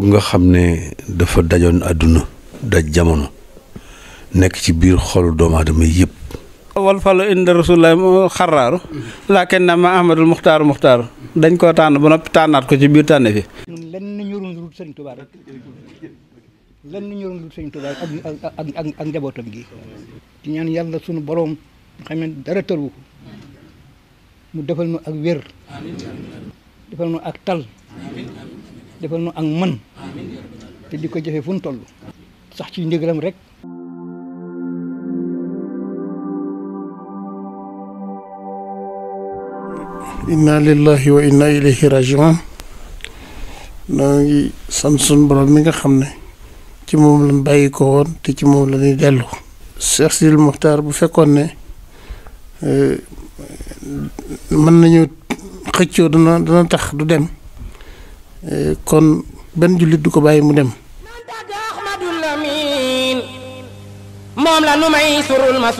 bu nga xam ne dafa dajoon àdduna daj jamono nekk ci biir xolu doomu aadama yëpp. wal falu inda rasulillah mu xaraaru laakin na ma ahmadul muxtaaru muxtaaru dañ koo tànn ba noppi tànnaat ko ci biir tànn fi lenn ñorul lu sëñ Tuubaa rek lenn ci ñaan yàlla sunu boroom xam ne dara tëru mu defal nu ak wér defal nu ak tal defal ak mën te di ko jëfe fu nu sax ci ndigalam rek inna lillahi wa inna ilayhi rajiun noo ngi sant borom mi nga xam ne ci moom lañ bàyyi ko woon te ci moom la ñuy dellu Cheikh Sidil Mokhtar bu fekkoon ne eh, mën nañu xëccoo dana dana tax du dem kon benn jullit du ko bàyyi mu dem moom la nu may surul ma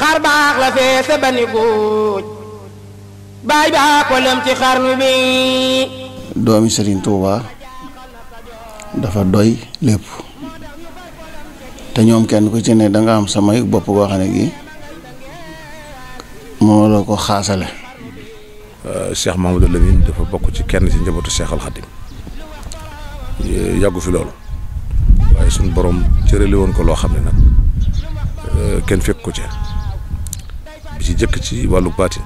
xar baax la feese ba ni góoj baay baa ko lëm ci xarnu bi doomi Sëriñ Tuuba dafa doy lépp te ñoom kenn ku ci ne danga am samay bopp goo ne gi moo la ko xaasale Euh, Cheikh Mamadou Lamine dafa bokk ci kenn ci njabootu Cheikh Al Khadim yàggu fi loolu waaye suñu borom cërale woon ko loo xam ne nag euh, kenn fekk ko ci bi ci jëkk ci wàllu baatin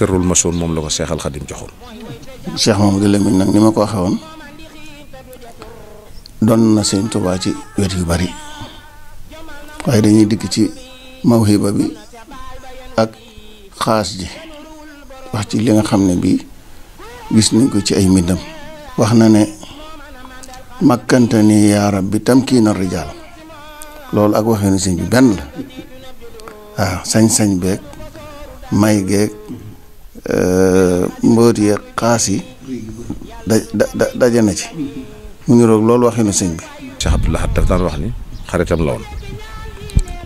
ma masoon moom la ko seexal Al Khadim joxoon. Cheikh Mamadou Lamine nag ni ma ko waxee woon na seen Tuubaa ci wet yu bari waaye dañuy dikk ci mawhiba bi ak xaas ji. wax ci li nga xam ne bii gis nañ ko ci ay mbindam wax na ne makkante ni yaa rabbi tamkiina rijaal loolu ak waxee sëñ bi benn la waaw sañ-sañ beeg may geeg euh, mbóot yeeg xaas yi da da daje na ci mu ngi roog loolu waxee sëñ bi Cheikh Abdoul Ahad daf daan wax ni xaritam la woon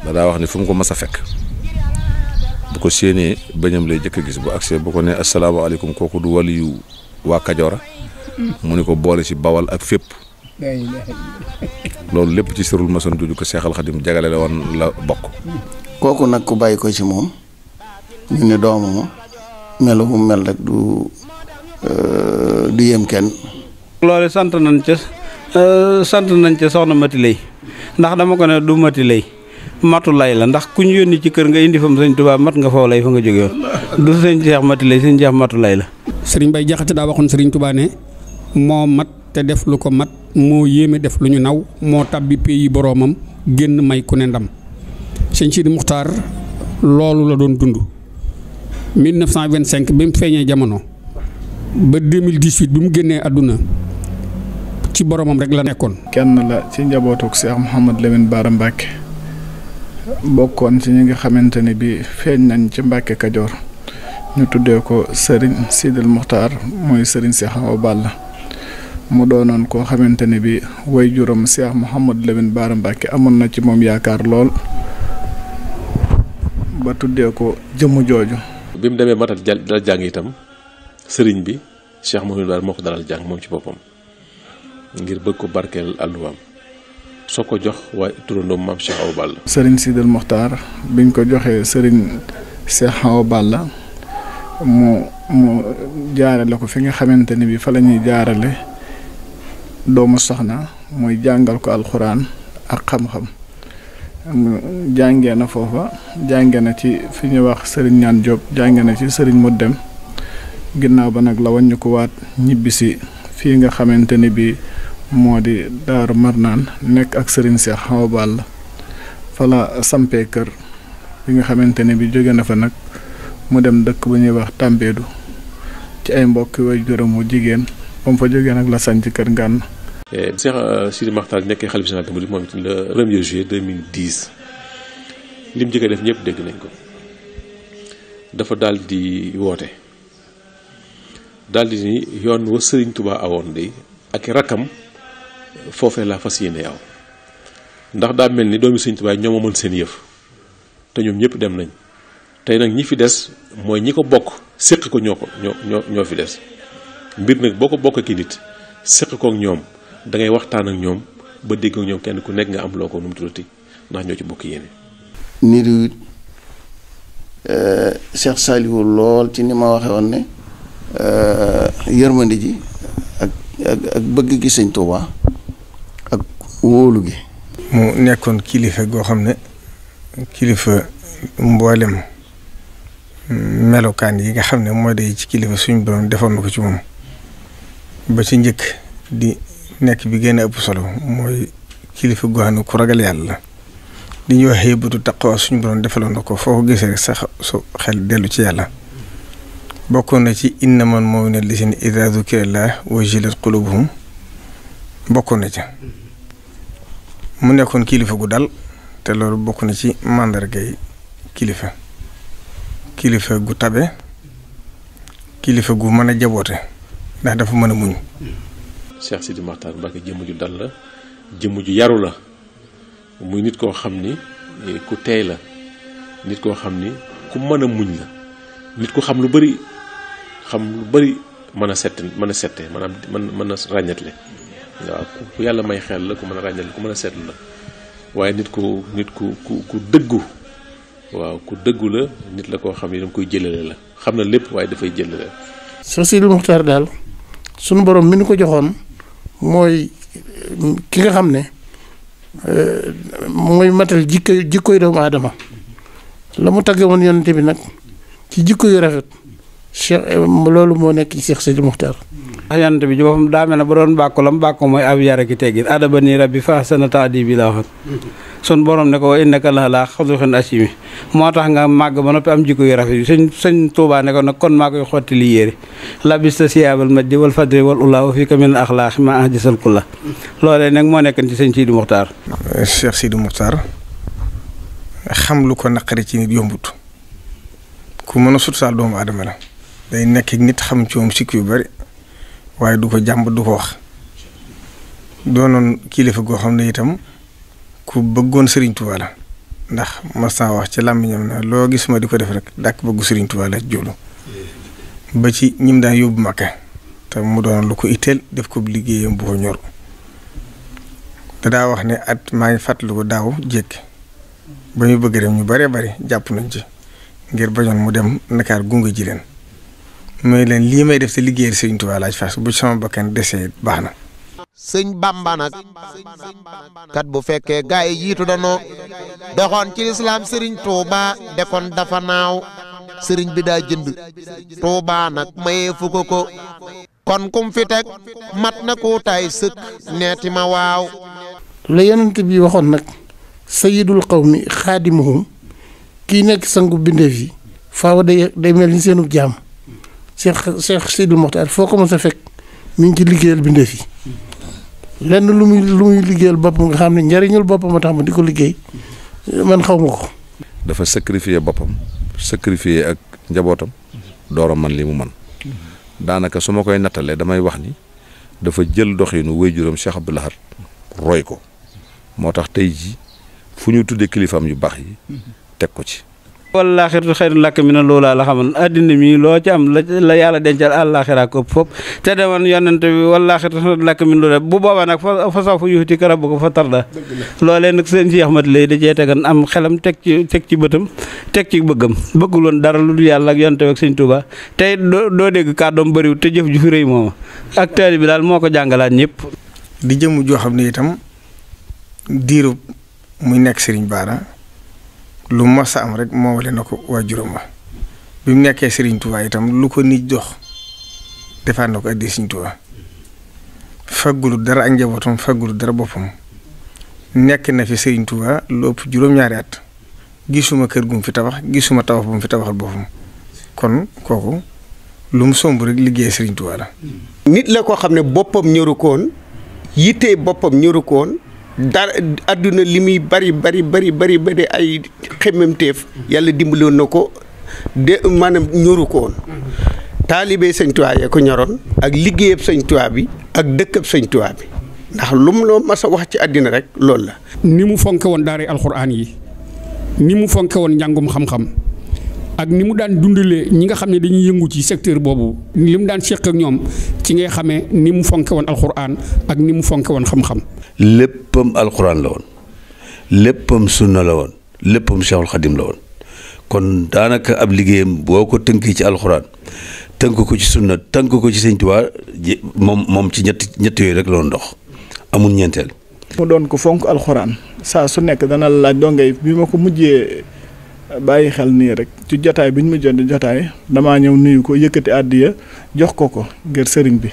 da daa wax ni fu mu ko mas a fekk bu ko séenee bañam lay jëkk a gis bu agsee bu ko nee asalaamaaleykum kooku du waliyu waa Kajoora mu ni ko boole si bawal ak fépp loolu lépp ci sërul mason du ko seexal xadim jagale la woon la bokk kooku nag ku bàyyi ko ci moom ñu ne doomu melu mu mel rek du euh, du yem kenn loolu sant nañ ca euh, sant nañ ca soxna Mati Lay ndax dama ko ne du Mati Lay matu lay la ndax ku ñu yónni ci kër nga indi fam sëñ Tuubaa mat nga foo lay fa nga jóge woon du sëñ Cheikh mati lay sëñ Cheikh matu lay la sëriñ Bay Jaxate daa waxoon sëriñ Tuubaa ne moo mat te def lu ko mat moo yéeme def lu ñu naw moo tàbbi pays boroomam génn may ku ne ndam sëñ Sidi Muxtaar loolu la doon dund 1925 bi mu feeñee jamono ba 2018 bi mu génnee àdduna ci boromam rek la nekkoon. kenn la ci njabootuk Cheikh Mouhamed Lamine Bara Mbacké bokkoon ci ñi nga xamante ni bi feeñ nañ ci Mbàkke Kajoor ñu tuddee ko sëriñ Sidil Muxtaar mooy Serigne Cheikh Awa Balla mu doonoon koo xamante ni bi way juróom Cheikh Mouhamadou Lamine Bara Mbàkke amoon na ci moom yaakaar lool ba tuddee ko jëmm jooju bi mu demee matal dal jàng itam sëriñ bi Cheikh Mouhamadou Bara moo ko dalal jàng moom ci boppam ngir bëgg ko barkeel àlluwaam soo ko jox waaye turandoom maam Cheikh Awa Balla. Serigne Sidel Mokhtar biñ ko joxee Serigne Cheikh Awa Balla mu mu jaarale ko fi nga xamante ne bi fa lañuy jaarale doomu soxna mooy jàngal ko alxuraan ak xam-xam jàngee na foofa jàngee na ci fi ñuy wax Serigne Ñaan Diop jànge na ci sëriñ mu dem ginnaaw ba nag la waññu ko waat ñibbisi fii nga xamante ni bi moo di daaru marnaan nekk ak Serigne Cheikh Awa Balla fa la sampee kër bi nga xamante ne bi jóge na fa nag mu dem dëkk bu ñuy wax Tambédou ci ay mbokki way juróom wu jigéen ba mu fa jógee nag la sanc kër ngànn eh, Cheikh euh, Sidi Makhtar nekkee xalifa général bu moom it le premier juillet 2010 lim jëkk def ñëpp dégg nañ ko dafa dal di woote daal di ni yoon wa Serigne Touba awoon de ak rakam foofee laa fas yéene aw ndax daa mel ni doomi Sëñ Tuubaa ñoo ma mën seen yëf te ñoom ñëpp dem nañ tey nag ñi fi des mooy ñi ko bokk séq ko ñoo ko ñoo fi des mbir nag boo ko bokk ki nit séq kook ñoom da ngay waxtaan ak ñoom ba dégg ak ñoom kenn ku nekk nga am loo ko nu mu tuddati ndax ñoo ci bokk yéene. niru euh, Cheikh Saliou lool ci ni ma waxee woon ne euh, yërmande ji ak ak ak bëgg gi Sëñ Tuubaa wóolu gi. mu nekkoon kilifa goo xam ne kilifa mboolem melokaan yi nga xam ne mooy day ci kilifa suñu borom defoon na ko ci moom ba ci njëkk di nekk bi gën ëpp solo mooy kilifa goo xam ne ku ragal yàlla la. di ñuy wax xëybatu taqwa suñu borom defaloon na ko foo ko gisee rek sax su xel dellu ci yàlla. bokkoon na ci innamal mu'minuuna llaziina izaa zukira llaahu wajilat quluubuhum bokkoon na ci. mu nekkoon kilifa gu dal te loolu bokk na ci màndargay kilifa kilifa gu tabe kilifa gu mën a jaboote ndax dafa mën a muñ. Cheikh Sidi Makhtar jëmm ju dal la jëmm ju yaru la muy nit koo xam ni eh, ku teey la nit koo xam ni ku mën a muñ la nit ko xam lu bari xam lu bari mën a sette mën a sette maanaam mën mën a ràññatle. waaw ku yàlla may xel la ku mën a ràññal ku mën a seetlu la waaye nit ko nit ku ku ku dëggu waaw ku dëggu la nit la koo xam ne dama koy jëlale la xam na lépp waaye dafay jëlale sa Sidi Muxtaar daal sunu borom mi nu ko joxoon mooy ki nga xam ne eh, mooy matal jikko jikkoy doomu aadama la mu tagge woon yonente bi nag ci jikko yu rafet cheikh eh, loolu moo nekk ci Cheikh Sidi Muxtaar yonent bi ci boppam daa mel ne bu doon bàkku lam bàkku mooy ab yar ki teggin adaba nii rabbi fa ahsana ta'dibi la waxoon sun borom ne ko wa innaka la'alaa xuluqin moo tax nga màgg ba noppi am jikko yu rafet yi sëñ sëñ Tuubaa ko nag kon li yére labista siyaabal majdi wal fadli wal ulaa wa fiika min al moo nekk ci sëñ Sidi Muxtaar Cheikh Sidi Muxtaar xam lu ko naqari ci nit yombut ku mën a sutsaal doomu aadama la day nekk nit xam ci sikk yu bari waaye du ko jàmb du ko wax doonoon kilifa goo xam ne itam ku bëggoon Serigne Touba ndax mas naa wax ci làmmiñam na loo gis ma di ko def rek dàkk bëggu Serigne Touba la jublu ba ci ñim daan yóbbu Makka te mu doon lu ko itteel def ko liggéeyam bu ko ñor daa wax ne at maa ngi fàttaliku daaw jékki ba ñu bëgg dem ñu bare bare jàpp nañ ci ngir bañoon mu dem nakaar gunge ji leen mooy leen lii may def te liggéeyal sëñ Tuubaa laaj fas bu sama bakkan desee baax na. sëñ Bamba nag kat bu fekkee gaay yi jiitu danoo doxoon ci lislaam sëriñ Touba dekoon dafa naaw sëriñ bi daa jënd Touba nag mayee fu ko kon kum fi teg mat na ko tay sëkk neeti ma waaw. la yonent bi waxoon nag sayidul qawmi xaadimuhum kii nekk sangu bindeef yi faaw day day mel ni seenub jaam. Cheikh Cheikh Sidil Mokhtar foo ko mos sa fekk mi ngi ci liggéeyal bindéef fi lenn lu muy lu muy liggéeyal boppam nga xam ne njariñul boppam a tax ma di ko liggéey man xaw ma ko. dafa sacrifier boppam sacrifier ak njabootam dooram man li mu man daanaka su ma koy nattalee damay wax ni dafa jël doxinu waajuram Cheikh Abdou Lahad roy ko moo tax tey ji fu ñu tuddee kilifaam yu baax yi teg ko ci. wallaaxitu xayrun na mina loolaa la xamal addina mi loo ci am la yàlla dencal àllaaxira ko ëpp fop te demoon yonent bi wallaaxitu xayrun na mina loolaa bu boobaa nag fa fa sawfa yu'tika rabbuka fa tarda loolee nag seen Cheikh Ahmad lay da cee tegan am xelam teg ci teg ci bëtam teg ci bëggam bëggul woon dara lu dul yàlla ak yonent bi ak sëñ Tuuba tey doo dégg kàddoom bëriwul te jëf ju fi rëy mooma ak taali bi daal moo ko jàngalaat ñëpp di jëm joo xam ne itam diiru muy nekk Serigne Bara lu mas a am rek moomale na ko waa juróom bi mu nekkee Serigne Touba itam lu ko nit jox defaat na ko addi Serigne Touba faggulu dara ak njabootam faggulu dara boppam nekk na fi Serigne Touba lu ëpp juróom-ñaari at gisuma kër gu mu fi tabax gisuma tabax bu mu fi tabaxal boppam kon kooku lu mu somb rek liggéey Serigne Touba la. nit la koo xam ne boppam ñoru ko woon yittee boppam ñoru ko woon dara àdduna li muy bari bari bari bari bari ay xemmemteef yàlla dimbaloon na ko de maanaam ñoru ko woon taalibe sëñ Tuubaa ya ko ñoroon ak liggéeyab sëñ Tuubaa bi ak dëkkab sëñ Tuubaa bi ndax lu lum loo mas a wax ci àddina rek loolu la ni mu fonke woon daara alxuraan yi ni mu fonke woon njàngum xam-xam ak ni mu daan dundalee ñi nga xam ne dañuy yëngu ci secteur boobu li mu daan seq ak ñoom ci ngay xamee ni mu fonke woon alxuraan ak ni mu fonke woon xam-xam léppam alxuraan la woon léppam sunna la woon léppam Cheikhul Khadim la woon kon daanaka ab liggéeyam boo ko tënkee ci alxuraan tënk ko ci sunna tënk ko ci Sëñ Tuubaa moom moom ci ñetti ñett yooyu rek la doon amul ñeenteel. mu doon ko fonk alxuraan saa su nekk dana la laaj dongay bi ma ko mujjee bàyyi xel nii rek ci jotaay bi ñu ma jot jotaay dama ñëw nuyu ko yëkkati àddiya jox ko ko ngir sëriñ bi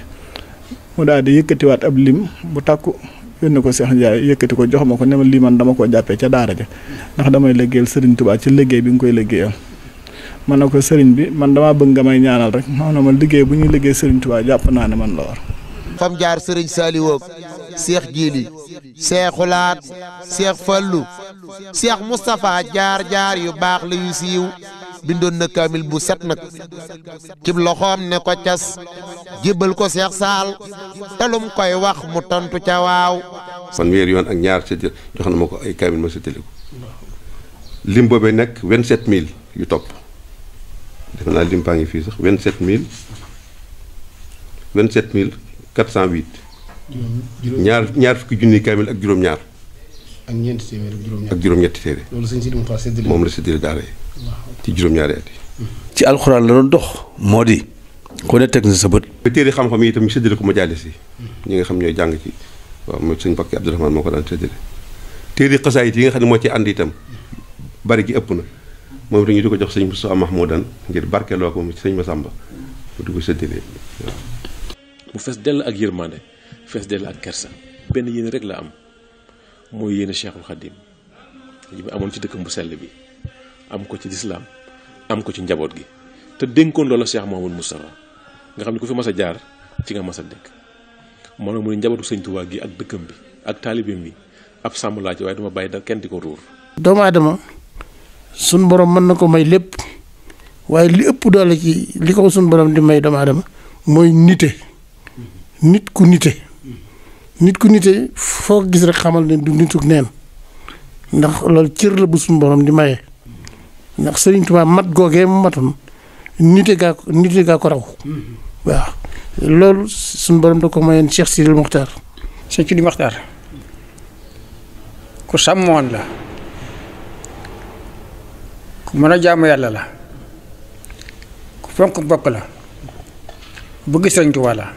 mu daal di yëkkatiwaat ab lim bu takku yónni ko Cheikh Ndiaye yëkkati ko jox ma ko ne ma lii man dama koo jàppee ca daara ja ndax damay liggéeyal Serigne Touba ci liggéey bi nga koy liggéeyal man na ko sëriñ bi man damaa bëgg nga may ñaanal rek ma ne ma liggéey bu ñuy liggéey Serigne Touba jàpp naa ne man la war. fam jaar Serigne Saliou ak Cheikh Djili Cheikh Oulaat Cheikh Fallou Cheikh Moustapha jaar jaar yu baax la siiw. bindoon na kaamil bu set nag cib loxoom ne ko cas jébbal ko seex saal talum koy wax mu tontu ca waaw fanweeri yoon ak ñaar sa jox na ma ko ay kaamil ma sa tëli ko lim boobee nekk vingt-sept mille yu topp defe naa lim baa ngi fii sax vingt-sept mille vingt-sept mille quatre cent huit ñaar ñaar fukki junni kaamil ak juróom-ñaar ak ñeenti téeméer ak juróom-ñetti téere. loolu sëñ Sidi Muxtaar séddale moom la séddale daara yi ci juróom-ñaari at mm-hmm. ci alxuraan la doon dox moo di. ku ne teg na sa bët. ba téere xam-xam yi itam ñu séddale ko majaalis yi. Mm-hmm. nga xam ñooy jàng ci waaw mooy sëñ Bakki Abdourahmane moo ko daan séddale. nga xam ne moo ci ànd itam bari gi ëpp na moom itam ñu di ko jox sañ sëñ Moussa Mahmoudan ngir barkeeloo ko sëñ Massamba di ko séddale mu fees dell ak yërmande fees dell ak kersa benn yéen rek la am mooy yéene cheikhul xadim yi mu amoon ci dëkkam bu sell bi am ko ci lislaam am ko ci njaboot gi te dénkoon loola cheikh mu Moustapha nga xam ne ku fi mas a jaar ci nga mas a nekk moo mu ne njabootu sëñ Tuubaa gi ak dëkkam bi ak taalibeem bi ab sàmm laaj ci waaye duma bàyyi da kenn di ko ruur doomu aadama suñ borom mën na ko may lépp waaye li ëpp doole ci li ko sun borom di may doomu aadama mooy nite nit ku nite nit ku nitee foo gis rek xamal ne du nituk neen ndax loolu cër la bu suñu di maye ndax Sëriñ Tuubaa mat googee mu matoon nite gaa ko nite gaa ko raw mm-hmm. waaw loolu suñu borom da ko mayeen Cheikh Sidil Mokhtar. Cheikh Sidil Mokhtar ku sàmmoon la ku mën a jaamu yàlla la ku fonk bokk la bëgg Sëriñ Tuubaa la.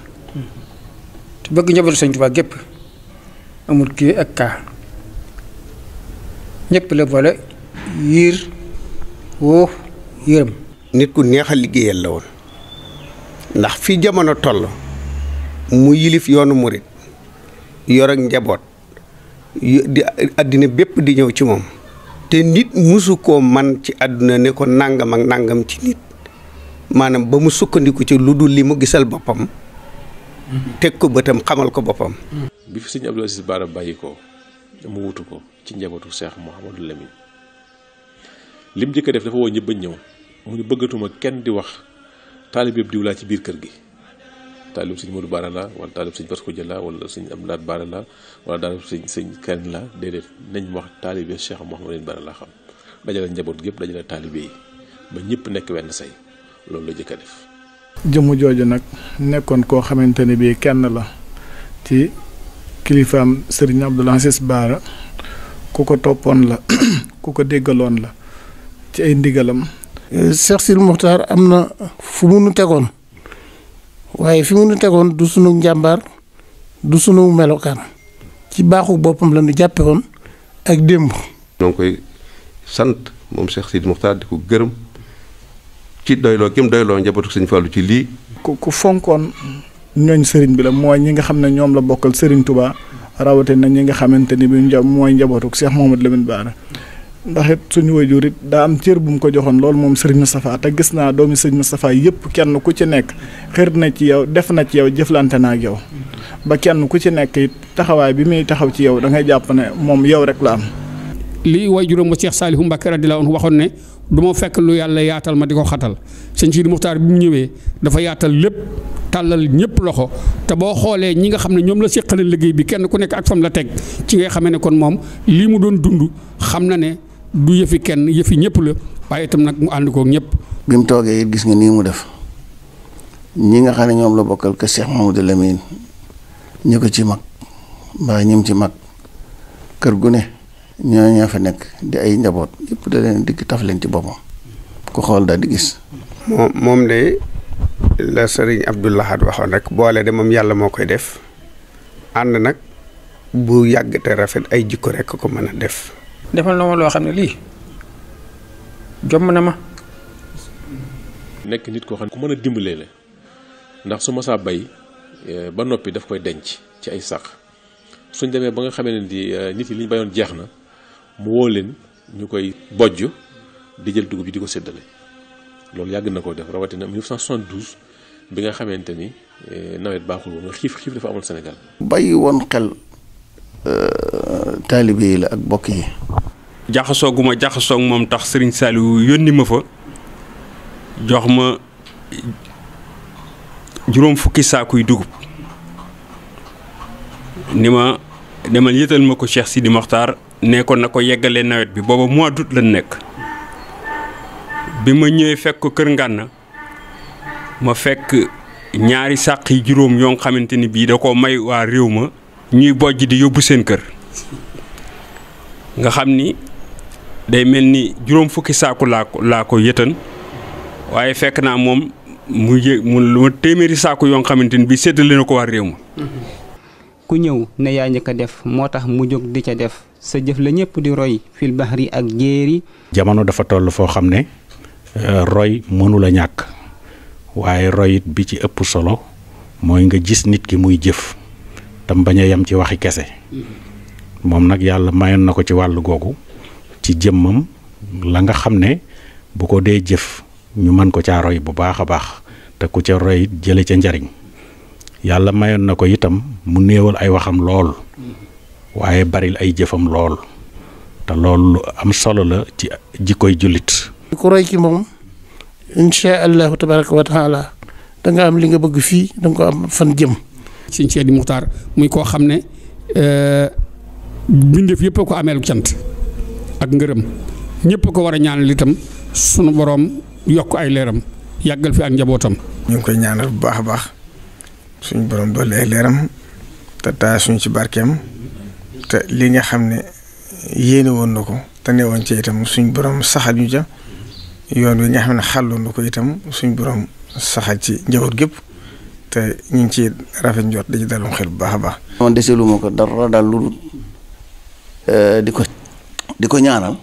te bëgg njabootu Sëñ Tuubaa gépp amul kii ak kaa ñëpp la boole yiir woo yërëm nit ku neex a liggéeyal la woon ndax fi jamono toll mu yilif yoonu murit yor ak njaboot di àddina bépp di ñëw ci moom te nit musu koo man ci àdduna ne ko nàngam ak nàngam ci nit maanaam ba mu sukkandiku ci lu dul li mu gisal boppam teg ko bëtam xamal ko boppam. bi fi sëñ Abdou Aziz Bara bàyyi ko mu wutu ko ci njabootu Cheikh Mouhamadou Lamine lim njëkk def dafa woo ñëpp ñëw mu ne bëggatuma kenn di wax taalib yëpp diw laa ci biir kër gi. taalib sëñ Modou Bara la wala taalib sëñ Basko Jël la wala sëñ Abdoulaat Bara la wala daal sëñ sëñ Kane la déedéet nañ wax taalibe Cheikh Mouhamadou Bara la xam dajale njaboot gépp dajale taalibe yi ba ñëpp nekk wenn say loolu la jëkk def. jëmm jooju nag nekkoon koo xamante ne bii kenn la ci kilifaam sëriñ Abdoul Aziz Baara ku ko toppoon la ku ko déggaloon la ci ay ndigalam. Cheikh Sidi Mokhtar am na fu mu nu tegoon waaye fi mu tegoon du sunu njàmbaar du sunu melokaan ci baaxu boppam la ñu jàppe ak démb. ñoo koy sant moom Cheikh Sidi Mokhtar di ko gërëm. ci doyloo kim doyloo njabootu sëñ Fallou ci lii. ku ku fonkoon ñoñ sëriñ bi la mooy ñi nga xam ne ñoom la bokkal sëriñ Touba rawatina ñi nga xamante ni bi nja mooy njabootu Cheikh Mouhamadou Lamine Bara ndax it suñu waajur it daa am cër bu mu ko joxoon loolu moom sëriñ Moustapha te gis naa doomi sëriñ Moustapha yëpp kenn ku ci nekk xër na ci yow def na ci yow jëflante na ak yow ba kenn ku ci nekk it taxawaay bi muy taxaw ci yow da ngay jàpp ne moom yow rek la am. li waajuram Cheikh Saliou Mbacké la anhu waxoon ne. du ma fekk lu yàlla yaatal ma di ko xatal sëñ Sidi Muxtaar bi mu ñëwee dafa yaatal lépp tàllal ñëpp loxo te boo xoolee ñi nga xam ne ñoom la seqale liggéey bi kenn ku nekk ak fam la teg ci ngay xamee ne kon moom lii mu doon dund xam na ne du yëfi kenn yëfi ñëpp la waaye itam nag mu ànd koog ñëpp. bi mu toogee gis nga nii mu def ñi nga xam ne ñoom la bokkal ke Cheikh Mamadou Lamine ñu ko ci mag mbaa ñim ci mag kër gu ne ñoo ñoo fa nekk di ay njaboot yëpp da leen dikk taf leen ci boppam ku xool daal di gis. moom moom de la sëriñ Abdou Lahad waxoon rek boole de moom yàlla moo koy def ànd nag bu yàgg te rafet ay jikko rekk a ko mën a def. defal na ma loo xam ne lii jomm na ma. nekk nit koo xam ne ku mën a dimbalee la ndax su ma saa bay eh, ba noppi daf koy denc ci ay sàq suñ demee ba nga xamee ne di eh, nit yi li ñu bayoon jeex na. mu woo leen ñu koy bojj di jël dugub ji di ko séddale loolu yàgg na koo def rawatina 1972 bi nga xamante ni eh, nawet baaxul woon xiif xiif dafa amul Sénégal. bàyyi woon xel. Euh, taalibe la ak bokk yi. jaxasoo gu moom tax Serigne Saliou yónni ma fa jox ma juróom fukki saakuy dugub ni ma demal yëtal ma ko si di Mokhtar nekkoon na ko yeggalee nawet bi booba mois d'août lañ nekk bi ma ñëwee fekk ko kër ngànna ma fekk ñaari sàq yi juróom yoo xamante ni bii da ko may waa réew ma ñuy bojj di yóbbu seen kër nga xam ni day mel ni juróom fukki saaku laa ko laa ko yëtan waaye fekk naa moom mu yë mu lu ma téeméeri saaku yoo xamante ni bii séddale na ko waa réew ma ku ñëw ne yaa njëkk def moo tax mu jóg di ca def sa jëf la ñëpp di roy fil bahri ak jéeri jamono dafa toll foo xam ne euh, roy mënula ñàkk waaye royit bi ci ëpp solo mooy nga gis nit ki muy jëf tam bañ a yem ci waxi kese mm-hmm. moom nag yàlla mayoon na ko ci wàllu googu ci jëmmam la nga xam ne bu ko dee jëf ñu mën ko caa roy bu baax a baax te ku ca roy jële ca njariñ yàlla mayoon na ko itam mu néewal ay waxam lool mm-hmm. waaye baril ay jëfam lool te loolu lu am solo la ci jikkoy jullit. ku roy ci moom incha allahu tabaraka wa taala da nga am li nga bëgg fii da ko am fan jëm. sëñ Seydi Muxtaar muy koo xam ne euh, bindeef yëpp a ko ameelu cant ak ngërëm ñëpp ko war a ñaanal itam suñu boroom yokk ay leeram yàggal fi ak njabootam. ñu ngi koy ñaanal bu baax a baax suñu borom ba ay leeram te taa suñu ci barkeem. te li nga xam ne yéene woon na ko te ne woon ci itam suñ borom saxaat ñu ja yoon wi nga xam ne xàlloon na ko itam suñ borom saxaat ci njaboot gépp te ñu ngi ci rafet njort dañu dalum xel bu baax a baax. man ma ko dara daal lu eh, di ko di ko ñaanal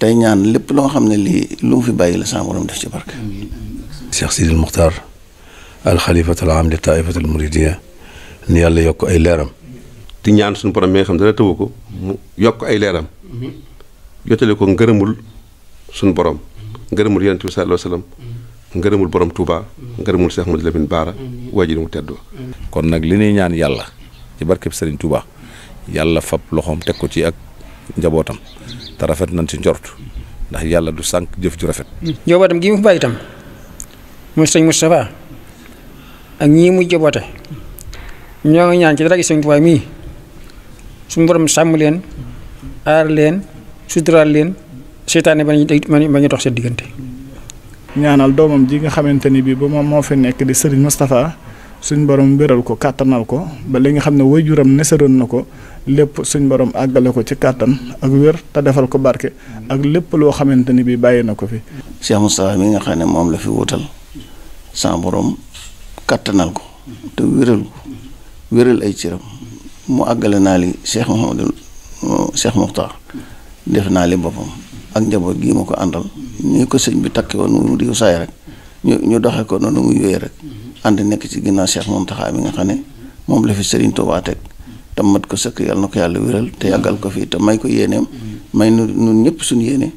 tey ñaan lépp loo xam ne lii lu mu fi bàyyi la sama borom def ci barke. Cheikh Sidil Muxtaar al xalifatul aam li taifatul ni yàlla yokk ay leeram. di ñaan suñu borom mi xam ne tëwu ko mu yokk ay leeram yotale ko ngërëmul suñu borom ngërëmul yonent bi sallallahu alayhi wasallam ngërëmul borom Touba ngërëmul Cheikh Modou Lamine Bara waajur mu tedd kon nag li ñuy ñaan yàlla ci barkeb Serigne Touba yàlla fab loxoom teg ko ci ak njabootam te rafet nañ ci njort ndax yàlla du sànq jëf ju rafet. njabootam gi mu fi bàyyi itam muy sëñ Moustapha ak ñii muy jaboote ñoo ngi ñaan ci dara gi sëñ Touba mii. suñu borom sàmm leen aar leen suturaal leen seytaane ba ñu ba ñu dox seen diggante. ñaanal doomam ji nga xamante ni bii ba moom moo fi nekk di Serigne Moustapha suñ borom wéral ko kàttanal ko ba li nga xam ne waajuram nesaroon na ko lépp suñ borom àggale ko ci kàttan ak wér te defal ko barke ak lépp loo xamante ni bii bàyyi na ko fi. Cheikh Moustapha mi nga xam ne moom la fi wutal sa borom kàttanal ko te wéral ko wéral ay ciram. mu àggale naa li Cheikh Mouhamadul Cheikh Moukhtar def naa li boppam ak njaboot gi ma ko àndal ñu ko sëñ bi takki woon mu diw saay rek ñu ñu doxee ko noonu mu yooyee rek ànd nekk ci ginnaaw moom Mountakha mi nga xam ne moom la fi Serigne Touba teg ko sëkk yàlla na ko yàlla wéral te yàggal ko fii te may ko yéeneem may nu nun ñëpp suñu yéene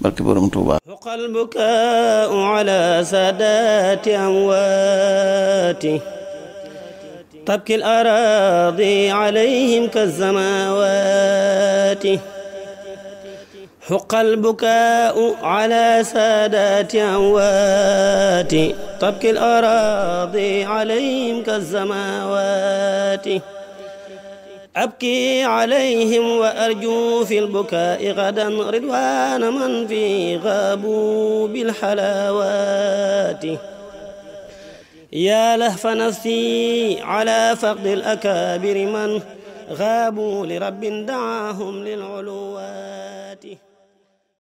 barke borom Touba xuqal bukaau ala saadaati amwaati تبكي الأراضي عليهم كالزماوات حق البكاء على سادات أموات تبكي الأراضي عليهم كالزماوات أبكي عليهم وأرجو في البكاء غدا رضوان من في غابوا بالحلاوات يا لهف نفسي على فقد الأكابر من غابوا لرب دعاهم للعلوات